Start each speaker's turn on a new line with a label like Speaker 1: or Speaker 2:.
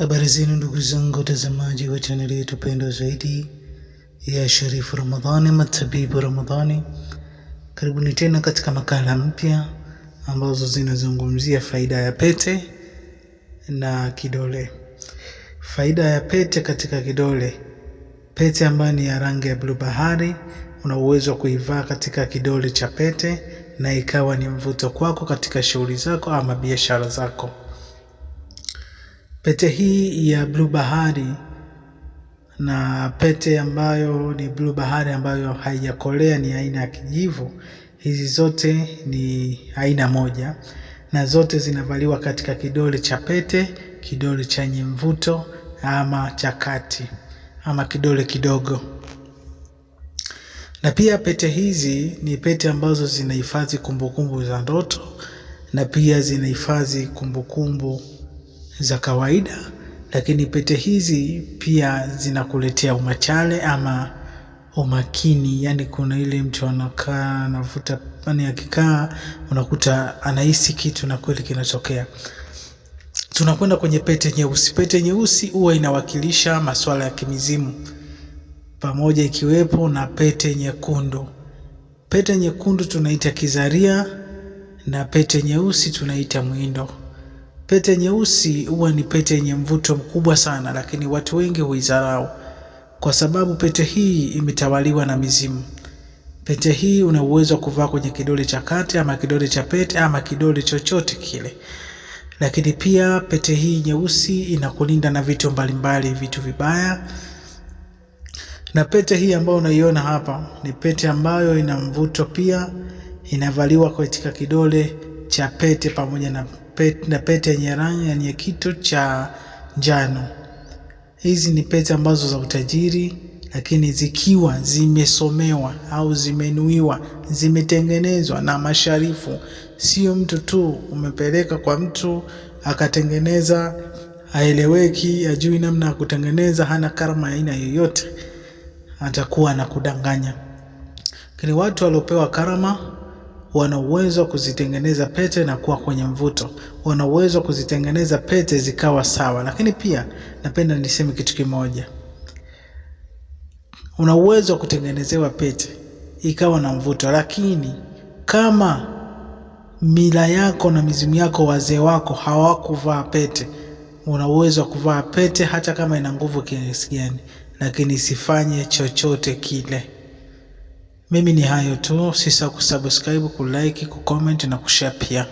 Speaker 1: Habari zenu ndugu zangu watazamaji wa chaneli yetu pendwa zaidi ya Sharifu Ramadhani, Matabibu Ramadhani. Karibuni tena katika makala mpya ambazo zinazungumzia faida ya pete na kidole. Faida ya pete katika kidole, pete ambayo ni ya rangi ya bluu bahari, una uwezo wa kuivaa katika kidole cha pete na ikawa ni mvuto kwako katika shughuli zako ama biashara zako. Pete hii ya bluu bahari na pete ambayo ni bluu bahari ambayo haijakolea ni aina ya kijivu. Hizi zote ni aina moja na zote zinavaliwa katika kidole cha pete, kidole chenye mvuto ama cha kati ama kidole kidogo. Na pia pete hizi ni pete ambazo zinahifadhi kumbukumbu za ndoto na pia zinahifadhi kumbukumbu za kawaida, lakini pete hizi pia zinakuletea umachale ama umakini. Yani kuna ile mtu anakaa anavuta, pani, akikaa unakuta anahisi kitu na kweli kinatokea. Tunakwenda kwenye pete nyeusi. Pete nyeusi huwa inawakilisha masuala ya kimizimu pamoja ikiwepo na pete nyekundu. Pete nyekundu tunaita kizaria na pete nyeusi tunaita mwindo. Pete nyeusi huwa ni pete yenye mvuto mkubwa sana, lakini watu wengi huizarau kwa sababu pete hii imetawaliwa na mizimu. Pete hii una uwezo wa kuvaa kwenye kidole cha kati ama kidole cha pete ama kidole chochote kile, lakini pia pete hii nyeusi inakulinda na vitu mbalimbali, vitu vibaya. Na pete hii ambayo unaiona hapa ni pete ambayo ina mvuto pia, inavaliwa katika kidole cha pete pamoja na pete, na pete yenye rangi yenye kitu cha njano. Hizi ni pete ambazo za utajiri, lakini zikiwa zimesomewa au zimenuiwa, zimetengenezwa na masharifu. Sio mtu tu umepeleka kwa mtu akatengeneza, aeleweki, ajui namna ya kutengeneza, hana karma aina yoyote, atakuwa anakudanganya. Lakini watu waliopewa karama wana uwezo kuzitengeneza pete na kuwa kwenye mvuto, wana uwezo kuzitengeneza pete zikawa sawa. Lakini pia napenda niseme kitu kimoja, una uwezo wa kutengenezewa pete ikawa na mvuto, lakini kama mila yako na mizimu yako, wazee wako hawakuvaa pete, una uwezo wa kuvaa pete hata kama ina nguvu kiasi gani, lakini isifanye chochote kile. Mimi ni hayo tu, sisa kusubscribe, kulike, kucomment na kushare pia.